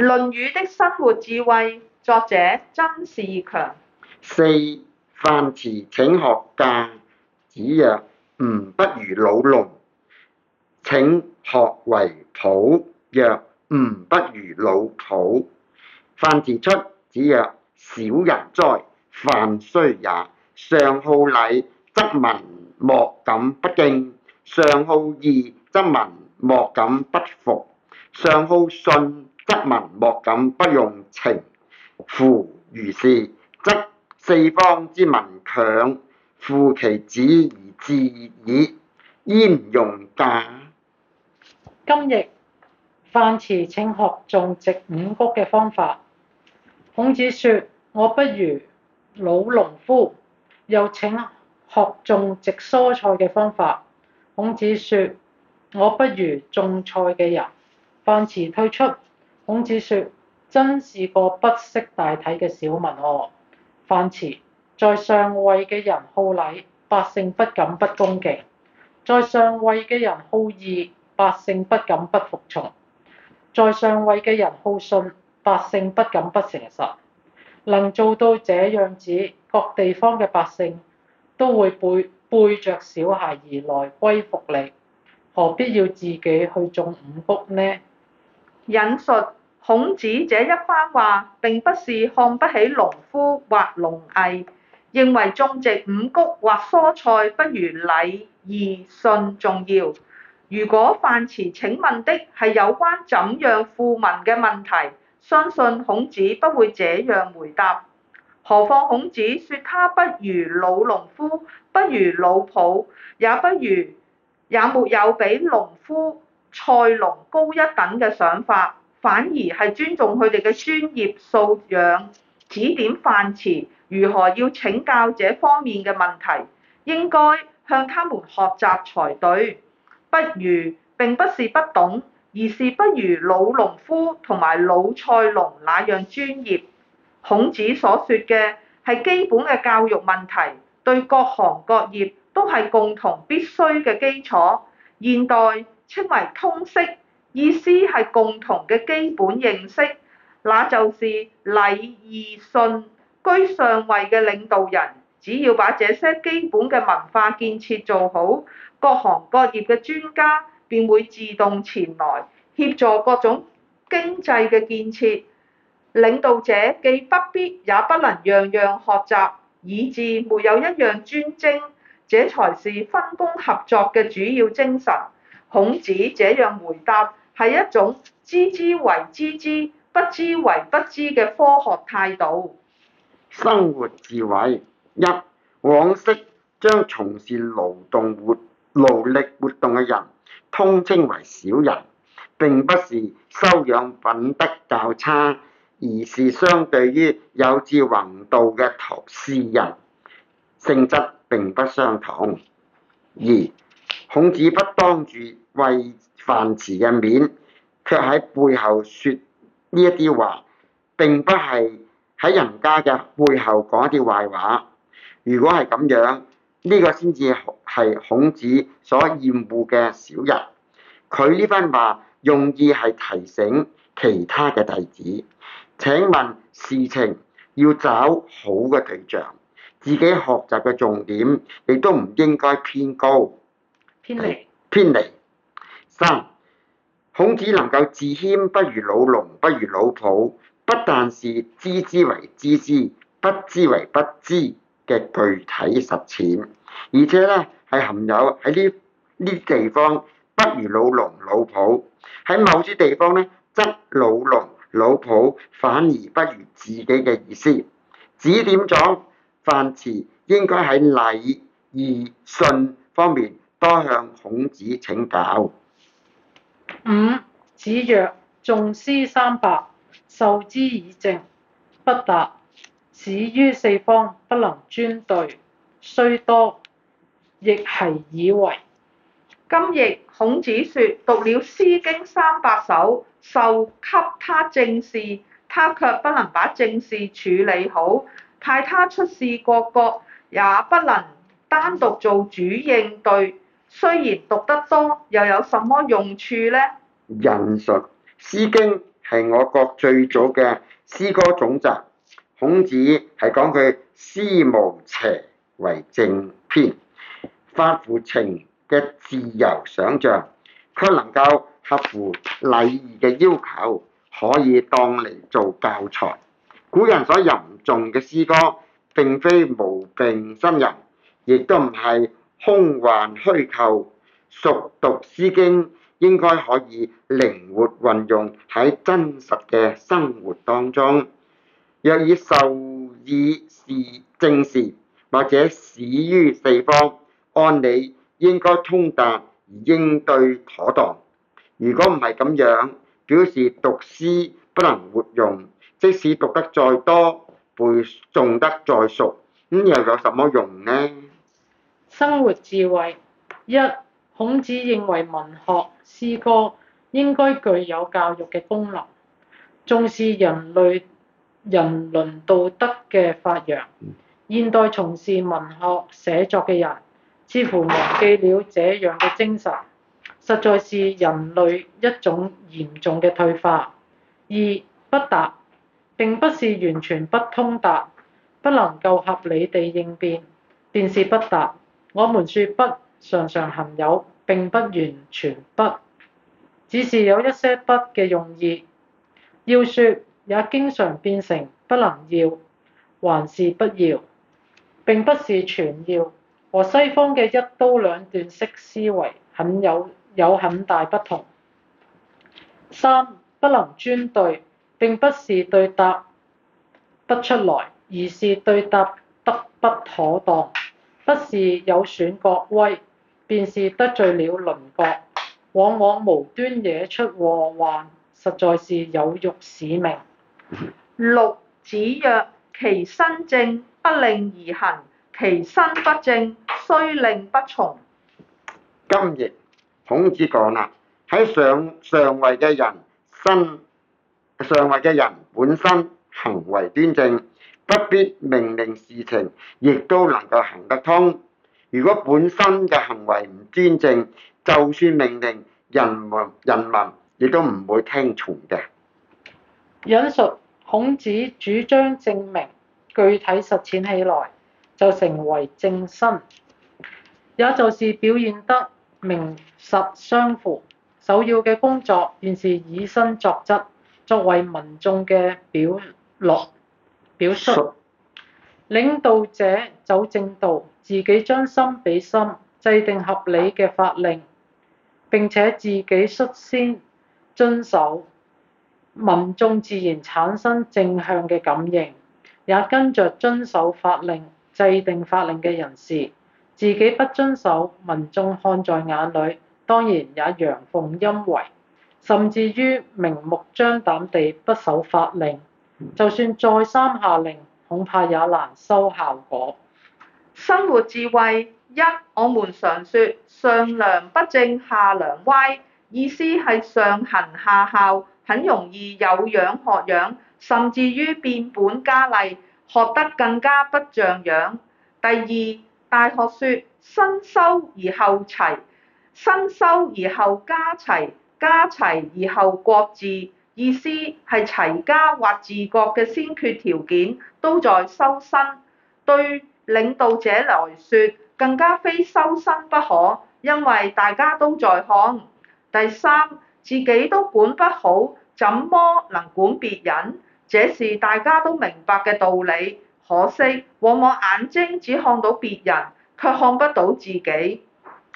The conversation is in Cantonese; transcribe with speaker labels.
Speaker 1: 《論語》的生活智慧，作者曾仕強。
Speaker 2: 四樊遲請學稼，子曰：吾不如老農。請學為圃。曰：吾不如老圃。」樊遲出，子曰：小人哉！樊須也，上好禮則民莫敢不敬，上好義則民莫敢不服，上好信，則民莫敢不用情。夫如是，則四方之民強，富其子而至矣。焉用假？
Speaker 3: 今日樊遲請學種植五穀嘅方法。孔子說：我不如老農夫。又請學種植蔬菜嘅方法。孔子說：我不如種菜嘅人。樊遲退出。孔子說：真是個不識大體嘅小民哦、啊！樊遲，在上位嘅人好禮，百姓不敢不恭敬；在上位嘅人好義，百姓不敢不服從；在上位嘅人好信，百姓不敢不誠實。能做到這樣子，各地方嘅百姓都會背背著小孩而來歸服你，何必要自己去種五穀呢？
Speaker 1: 引述。孔子這一番話並不是看不起農夫或農藝，認為種植五穀或蔬菜不如禮義信重要。如果樊遲請問的係有關怎樣富民嘅問題，相信孔子不會這樣回答。何況孔子說他不如老農夫，不如老圃，也不如，也沒有比農夫菜農高一等嘅想法。反而係尊重佢哋嘅專業素養，指點樊遲，如何要請教這方面嘅問題，應該向他們學習才對。不如並不是不懂，而是不如老農夫同埋老菜農那樣專業。孔子所說嘅係基本嘅教育問題，對各行各業都係共同必須嘅基礎，現代稱為通識。意思係共同嘅基本認識，那就是禮義信。居上位嘅領導人，只要把這些基本嘅文化建設做好，各行各業嘅專家便會自動前來協助各種經濟嘅建設。領導者既不必也不能樣樣學習，以致沒有一樣專精，這才是分工合作嘅主要精神。孔子這樣回答。係一種知之為知之，不知為不知嘅科學態度。
Speaker 2: 生活智慧一，往昔將從事勞動活勞力活動嘅人，通稱為小人。並不是修養品德較差，而是相對於有志弘道嘅投士人，性質並不相同。二孔子不當住樊遲嘅面，卻喺背後說呢一啲話，並不係喺人家嘅背後講一啲壞話。如果係咁樣，呢個先至係孔子所厭惡嘅小人。佢呢番話用意係提醒其他嘅弟子。請問事情要找好嘅對象，自己學習嘅重點亦都唔應該偏高。偏離。三，孔子能夠自謙不如老農，不如老圃，不但是知之為知之，不知為不知嘅具體實踐，而且呢，係含有喺呢呢地方不如老農老圃，喺某啲地方呢則老農老圃反而不如自己嘅意思，指點咗樊遲應該喺禮義信方面。多向孔子請教。
Speaker 3: 五，子曰：誦詩三百，授之以政，不達；使於四方，不能
Speaker 1: 專對，雖多，亦奚以為？今譯，孔子說，讀了《詩經》三百首，授給他政事，他卻不能把政事處理好；派他出使各國，也不能單獨做主應對。雖然讀得多，又有什麼用處呢？
Speaker 2: 吟誦《詩經》係我國最早嘅詩歌總集，孔子係講佢思無邪為正篇，發乎情嘅自由想像，卻能夠合乎禮儀嘅要求，可以當嚟做教材。古人所吟誦嘅詩歌，並非無病呻吟，亦都唔係。空幻虛構，熟讀詩經應該可以靈活運用喺真實嘅生活當中。若以受以事正時，或者使於四方，按理應該通達而應對妥當。如果唔係咁樣，表示讀詩不能活用，即使讀得再多，背誦得再熟，咁又有什麼用呢？
Speaker 3: 生活智慧一，孔子認為文學詩歌應該具有教育嘅功能，重視人類人倫道德嘅發揚。現代從事文學寫作嘅人，似乎忘記了這樣嘅精神，實在是人類一種嚴重嘅退化。二不達，並不是完全不通達，不能夠合理地應變，便是不達。我們說不，常常含有並不完全不，只是有一些不嘅用意。要説也經常變成不能要，還是不要。並不是全要，和西方嘅一刀兩斷式思維很有有很大不同。三、不能專對，並不是對答不出來，而是對答得不妥當。不是有損國威，便是得罪了鄰國，往往無端惹出禍患，實在是有辱使命。
Speaker 1: 六 子曰：其身正，不令而行；其身不正，雖令不從。
Speaker 3: 今日
Speaker 2: 孔子講啦，喺上上位嘅人身，上位嘅人本身行為端正。不必命令事情，亦都能夠行得通。如果本身嘅行為唔端正，就算命令人民，人民亦都唔會聽從嘅。
Speaker 3: 引述孔子主張證明，具體實踐起來就成為正身，也就是表現得名實相符。首要嘅工作，便是以身作則，作為民眾嘅表率。表示領導者走正道，自己將心比心，制定合理嘅法令，並且自己率先遵守，民眾自然產生正向嘅感應，也跟着遵守法令、制定法令嘅人士。自己不遵守，民眾看在眼裏，當然也陽奉陰違，甚至於明目張膽地不守法令。就算再三下令，恐怕也難收效果。
Speaker 1: 生活智慧一，我們常說，上梁不正下梁歪，意思係上行下效，很容易有樣學樣，甚至於變本加厲，學得更加不像樣。第二，大學說身修而後齊，身修而後家齊，家齊而後國治。意思係齊家或治國嘅先決條件都在修身，對領導者來說更加非修身不可，因為大家都在看。第三，自己都管不好，怎麼能管別人？這是大家都明白嘅道理。可惜往往眼睛只看到別人，卻看不到自己。